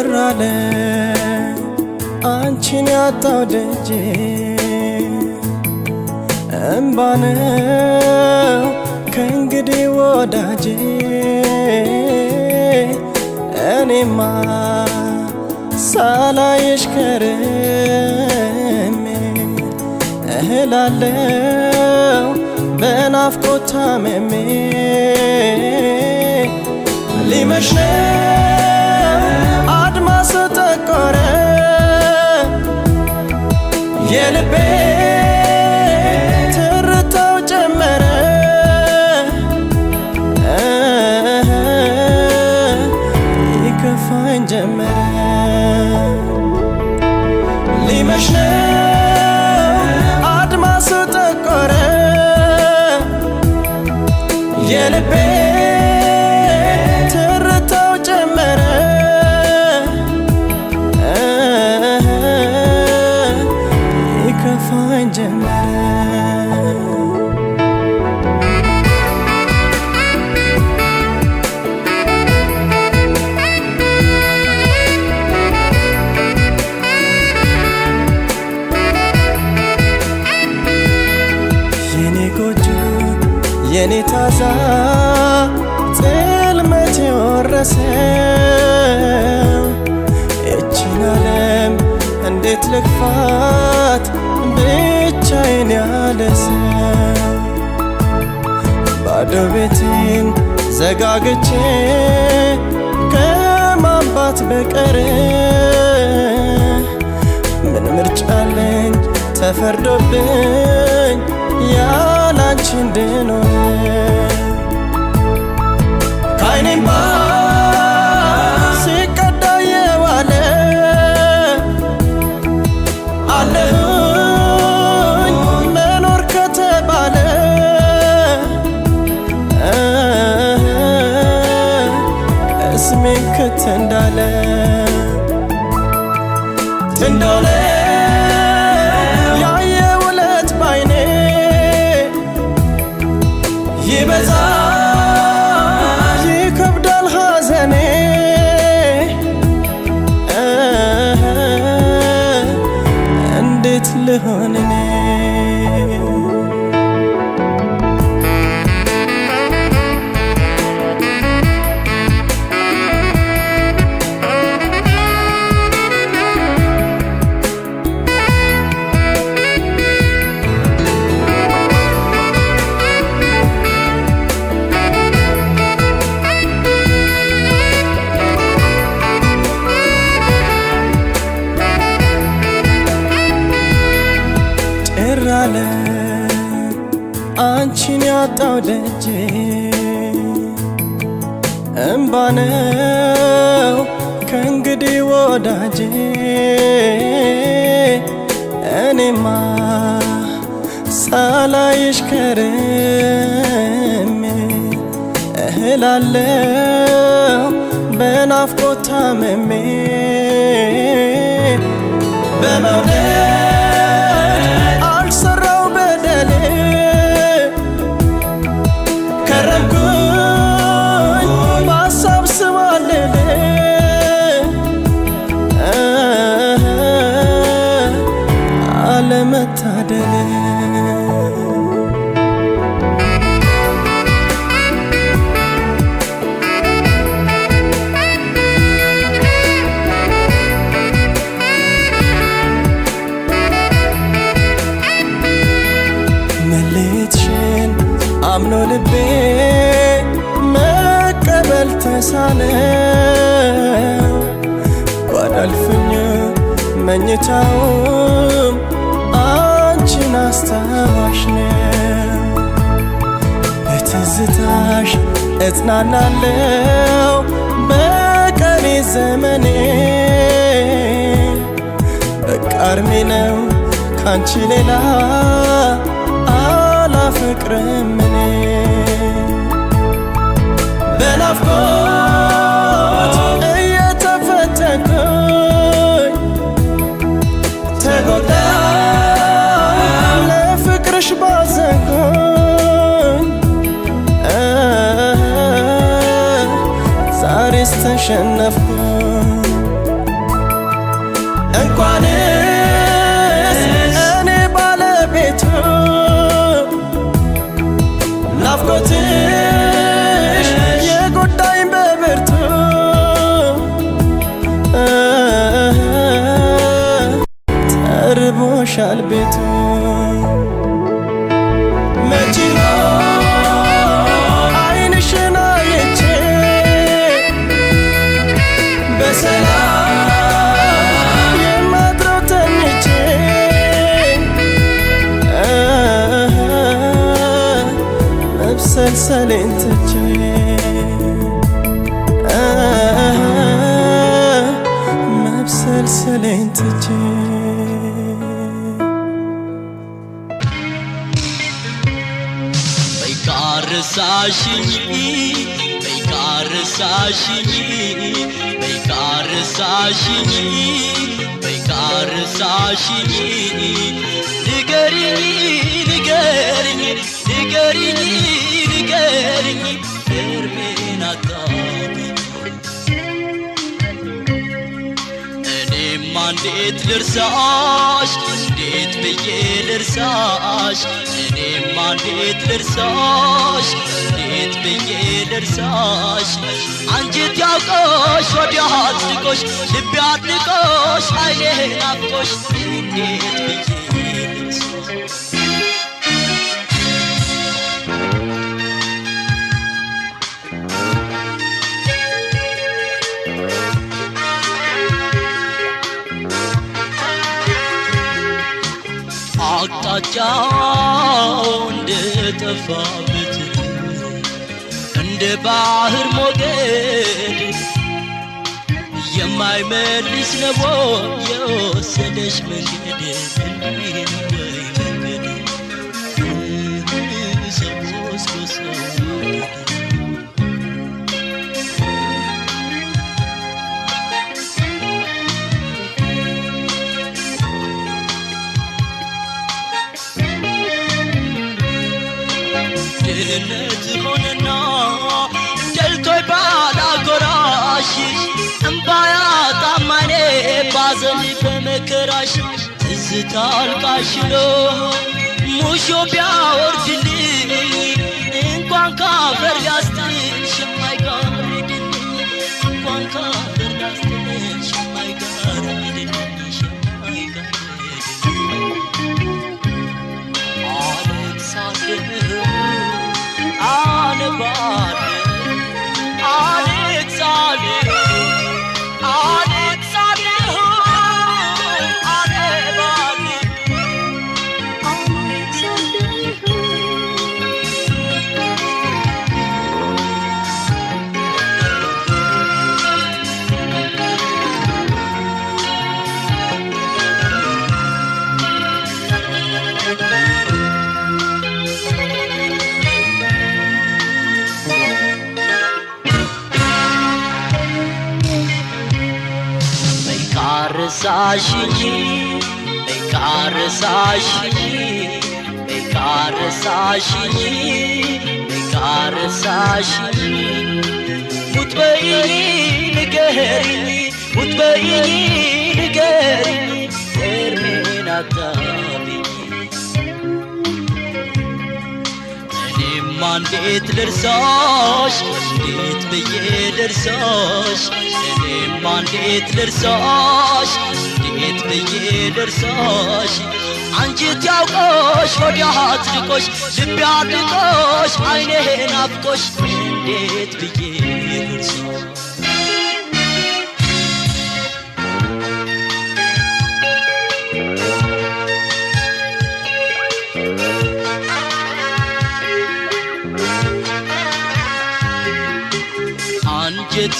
ዘራለ አንቺን ያጣው ደጄ እምባነው ከእንግዲህ ወዳጄ እኔማ ሳላይሽ ከርሜ እህላለው በናፍቆት ታምሜ ሊመሽ ያማረ የልቤ ትርታው ጨመረ ይከፋኝ ጀመረ ሊመሽ አድማሱ ጠቆረ የልቤ በክፋት ብቻዬን ያለሰ ባዶ ቤቴን ዘጋግቼ ከማንባት በቀር ምን ምርጫ አለኝ ተፈርዶብኝ ያላንቺ እንድኖር ካይኔም ይበዛል። ደጅ እምባነው ከእንግዲህ እኔማ ሳላይሽ ከርሜ እህላለው በናፍቆት በመውደድ ሳለ ባላልፍኝ መኝታውም አንቺን አስታዋሽ ነው። በትዝታሽ እጽናናለው በቀሪ ዘመኔ በቃርሜ ነው ካንቺ ሌላ አላፍቅርምኔ ይሆንልሻል ቤት መቼ ነው አይንሽን አይቼ በሰላም የማድረው ተኝቼ መብሰልሰሌን ትቼ መብሰልሰሌን ትቼ ሳሽኝ በይቃር ሳሽኝ በይቃር ሳሽኝ በይቃር ሳሽኝ ንገሪኝ ንገሪኝ ንገሪኝ ንገሪኝ እርሜን አጣቢ እኔማ እንዴት ልርሳሽ እንዴት ብዬ ልርሳሽ እኔማ እንዴት ልርሳሽ እንዴት ብዬ ልርሳሽ አንጀት ያውቆሽ ወዲያ አድርጎሽ ልቤ አድርጎሽ ኃይሌ ናፍቆሽ እንዴት ብዬ አቅጣጫው እንደጠፋ እንደ ባህር ሞገድ የማይመልስ ነው የወሰደሽ መንገድ እንዲህ ወይ መንገድ ሰው እስከ ሰው ድህነት ሆነን ያጣማኔ ባዘን በመከራሽ ትዝታ አልቃሽ ነው ሙሾ ቢያወርድልኝ እንኳን ካፈር ያስተ ሳሽኝ በቃር ሳሽኝ በቃር ሳሽኝ በቃር ሳሽኝ ሙት በይኝ ንገሪኝ ሙት በይኝ ንገሪኝ እርሜን አታብኝ እኔማ እንዴት ልርሳሽ እንዴት ብዬ ልርሳሽ እኔማ እንዴት ልርሳሽ የት ብዬ ልርሳሽ አንቺት ያውቆሽ ወዲያ አድርቆሽ ልቤ አድርቆሽ አይኔ ናፍቆሽ እንዴት ብዬ ልርሳሽ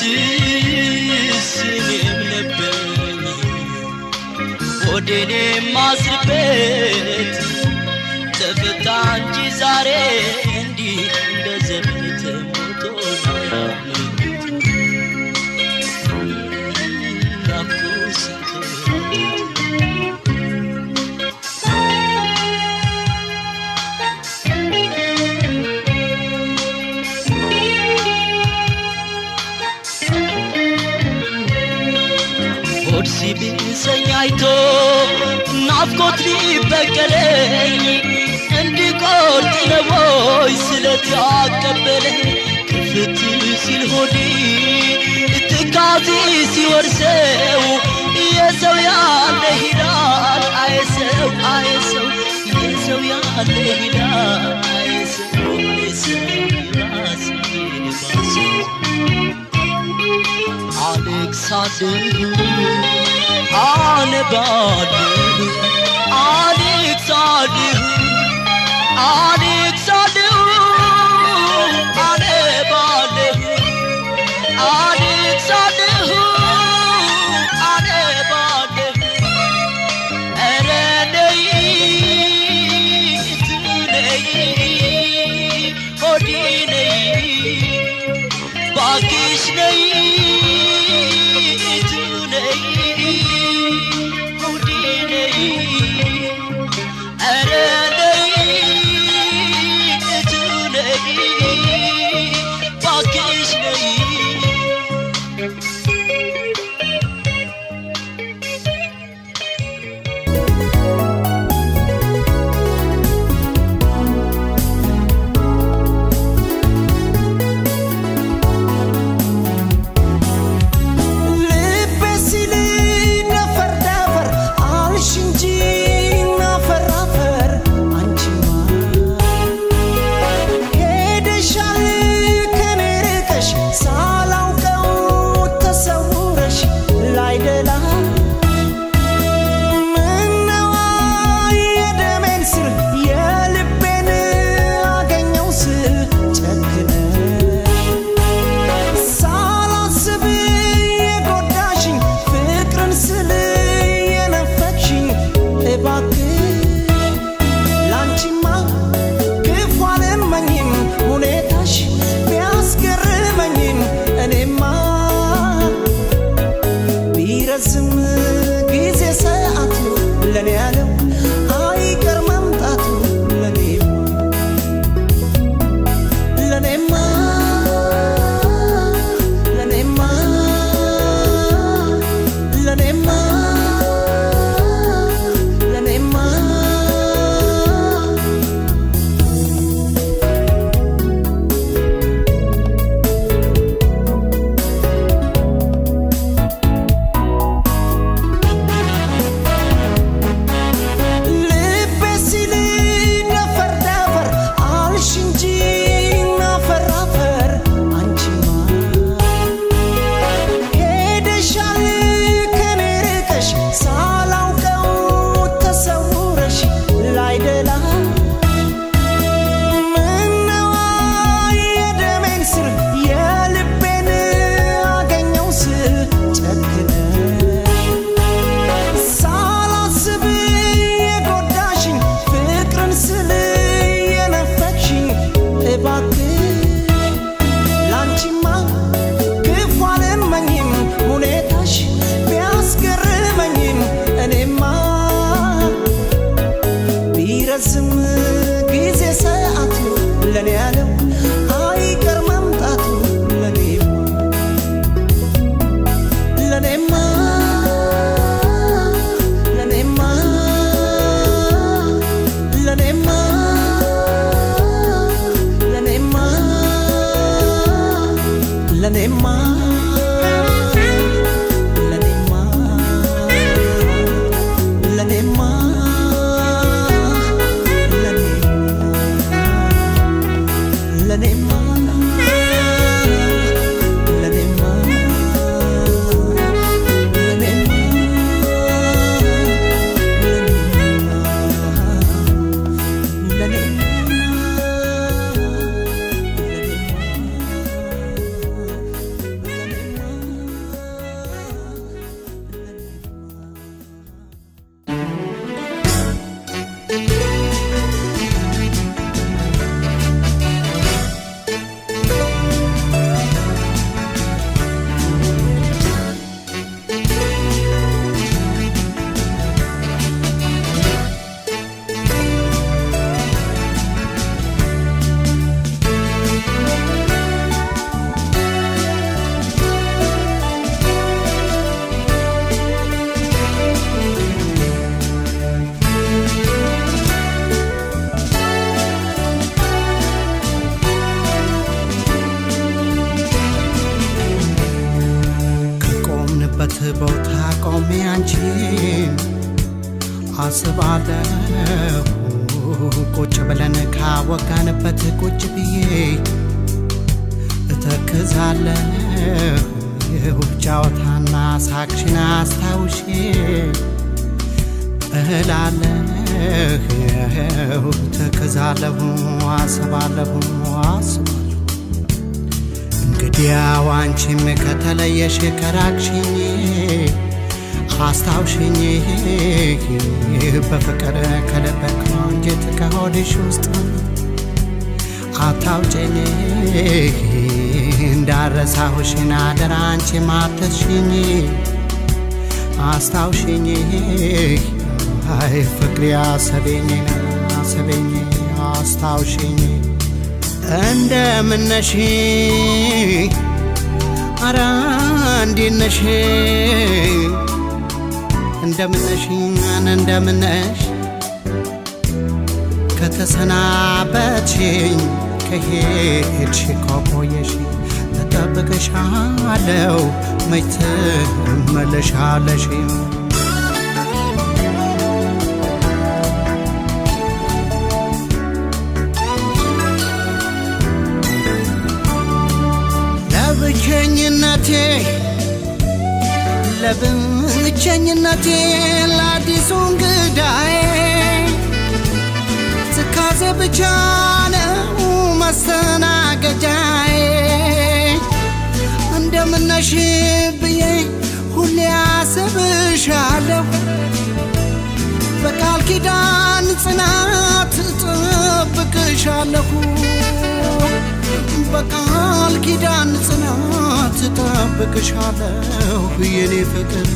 to እኔ ማስርቤት ተፈታ እንጂ ዛሬ ናፍቆት ሊበቀለኝ እንድቆርጥ ለቦይ ስለት አቀበለኝ ክፍት ሲል ሆዴ ትካዜ ሲወርሰው የሰው ያለ ሂዳል አየሰው አየሰው የሰው ያለ ሂዳል አየሰው አየሰው ஆறு ஆறு ምስጋንበት ቁጭ ብዬ እተክዛለሁ የውብጫውታና ሳቅሽን አስታውሼ እላለሁ ተክዛለሁ አስባለሁ አስባለሁ እንግዲያው አንቺም ከተለየሽ ከራቅሽኝ አስታውሽኝ በፍቅር ከለበክ ነው እንጀት ከሆድሽ ውስጥ አታውጭኝ እንዳረሳሁሽን አደራ አንቺ ማተሽኝ አስታውሽኝ አይ ፍቅሪ አሰበኝ አሰበኝ አስታውሽኝ እንደምነሽ አራ እንዴነሽ እንደምነሽ እንደምነሽ ከተሰናበችኝ ከሄድሽ ከቆየሽ ተጠብቅሻለው መች ትመለሻለሽም ለብቸኝነቴ ለብቸኝነቴ ለአዲሱ እንግዳዬ ትካዜ ብቻ ነው ማስተናገጃዬ እንደምነሽ ብዬ ሁሌ አስብሻለሁ በቃል ኪዳን ጽናት እጠብቅሻለሁ በቃል ኪዳን ጽናት እጠብቅሻለሁ የኔ ፍቅር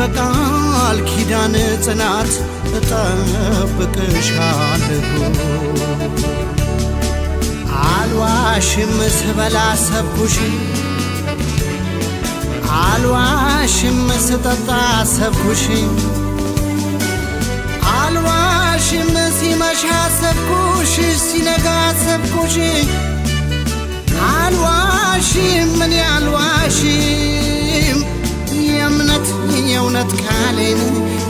በቃል ቃል ኪዳን ጽናት እጠብቅሻለሁ። አልዋሽም ስበላ ሰብኩሽ፣ አልዋሽም ስጠጣ ሰብኩሽ፣ አልዋሽም ሲመሻ ሰብኩሽ፣ ሲነጋ ሰብኩሽ፣ አልዋሽም ምን ያልዋሽ ብርሃኔን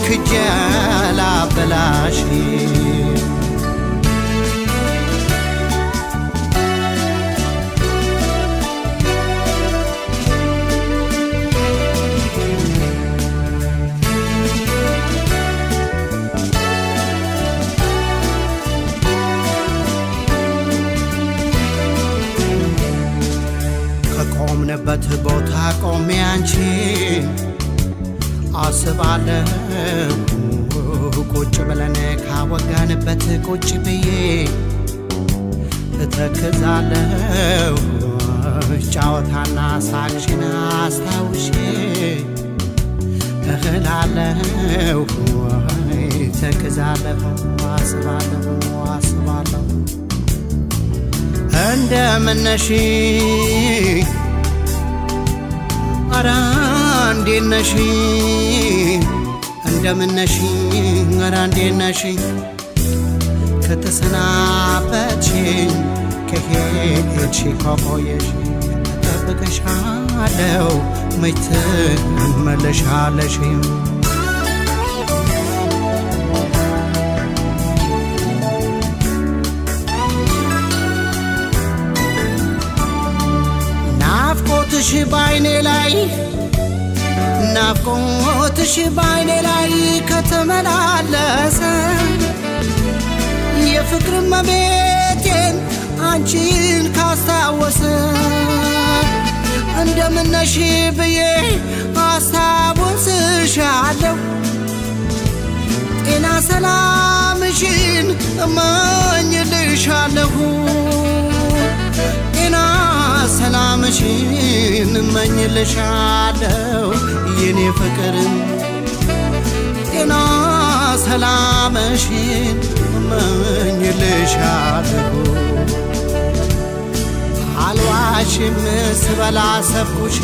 ክጃላ በላሽ አስባለሁ ቁጭ ብለን ካወጋንበት ቁጭ ብዬ እተክዛለሁ ጫወታና ሳቅሽን አስታውሼ እህላለሁ ተክዛለሁ አስባለሁ አስባለሁ እንደምነሽ አራ እንዴነሽ እንደምነሽ ኧረ እንዴነሽ ከተሰናበትሽኝ ከሄድሽ ከቆየሽ እጠብቅሻለሁ መች ትመለሻለሽ ናፍቆትሽ ባይኔ ላይ ናፍቆትሽ ባይኔ ላይ ከተመላለሰ የፍቅር መቤቴን አንቺን ካስታወሰ እንደምነሽ ብዬ አስታውስሻለሁ ጤና ሰላምሽን እመኝልሻለሁ ሰላምሽን እመኝልሻለሁ የኔ ፍቅር ጤና ሰላምሽን እመኝልሻለሁ አልዋሽም ስበላ ሰብኩሽ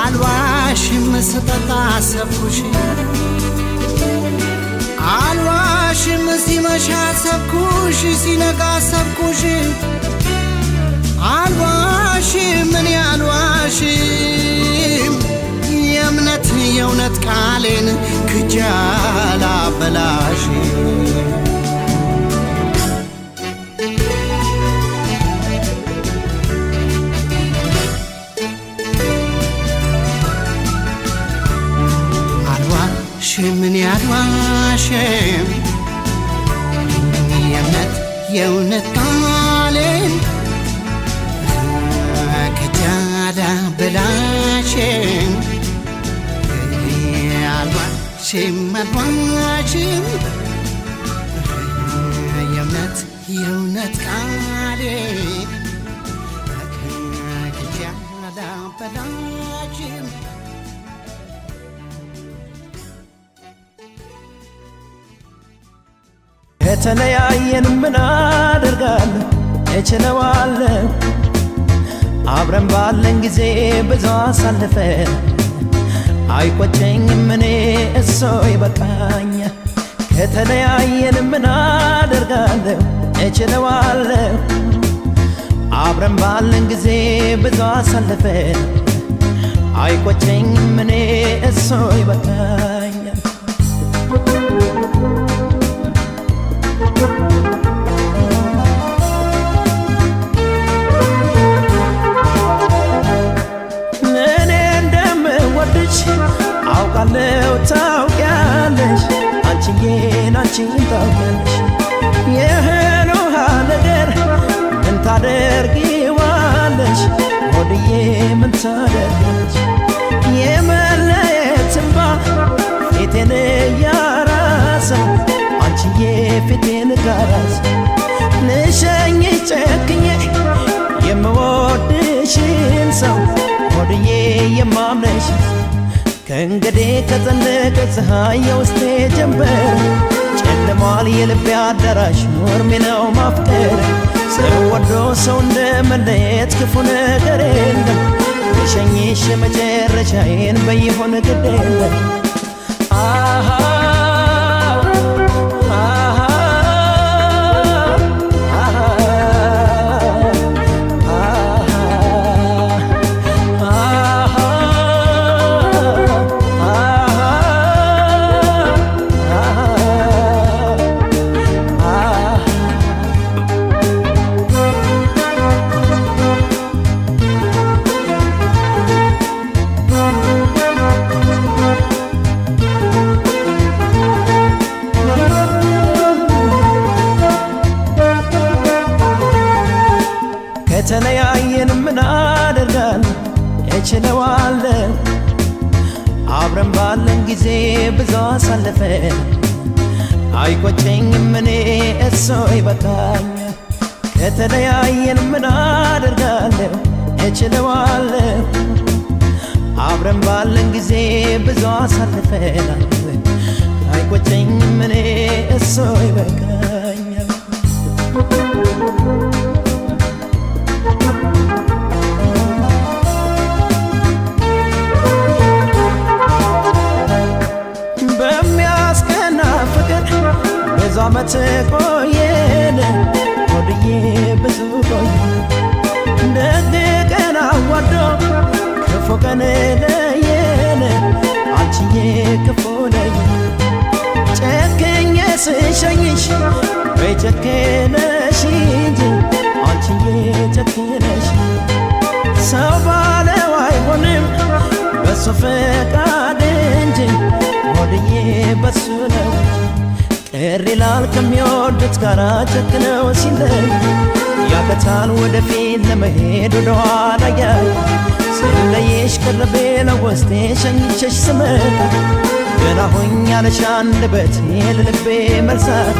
አልዋሽም ስጠጣ ሰብኩሽ አልዋሽም ሲመሻ ሰብኩሽ ሲነጋ ሰብኩሽ አልዋሽም ምን ያልዋሽም የእምነት የእውነት ቃሌን ክጃላ በላሽ አልዋሽም ምን ያልዋሽም የእምነት የእውነት ሸመድዋሽም የእውነት የእውነት ቃሌ ከግጃ ላበላሽም የተለያየን ምን አደርጋለሁ እችለዋለሁ አብረን ባለን ጊዜ ብዙ አሳልፈን አይቆጨኝም እኔ እሶ ይበቃኛ ከተለያየን ምን አደርጋለሁ እችለዋለሁ አብረን ባለን ጊዜ ብዙ አሳልፈን አይቆጨኝም እኔ እሶ ይበቃ አውቃለው ታውቂያለሽ አንቺዬን አንቺን ታውቂያለሽ ይህን ውሃ ነገር ምን ታደርጊዋለሽ ሆድዬ ምን ታደርጊያለሽ የመለየት እንባ ፊቴን እያራሰ አንቺዬ ፊቴን ጋራሰ ልሸኝ ጨክኜ የምወድሽን ሰው ሆድዬ የማም ከእንግዲህ ከጸነቀ ፀሐይ የውስጤ ጀንበር ጨልሟል የልቤ አዳራሽ ኖርሜ ነው ማፍቀር ሰው ወዶ ሰው እንደ መለየት ክፉ ነገር የለም ተሸኝሽ መጨረሻዬን በይሆን ግድ አብረን ባለን ጊዜ ብዙ አሳልፈናል። አይቆጨኝም እኔ እሱ ይበቃኛል። በሚያስቀና ፍቅር ብዙ ዓመት ቆየን። ቀን ለየን አንቺዬ ክፉ ነኝ ጨክኜ ስሸኝሽ ወይ ጨክነሽ እንጂ አንቺዬ ጨክነሽ ሰው ባለው አይሆንም በሱ ፈቃድ እንጂ ሆድዬ በሱ ነው ቅር ይላል ከሚወዱት ጋራ ጨክነው ሲለኝ ያቀታል ወደፊት ለመሄድ ወደኋላ ያይ ስለየሽ ቀረቤ ለወስቴ ሸኝቼሽ ስመጣ ገና ሆኛለሽ አንደበቴ ለልቤ መልሳት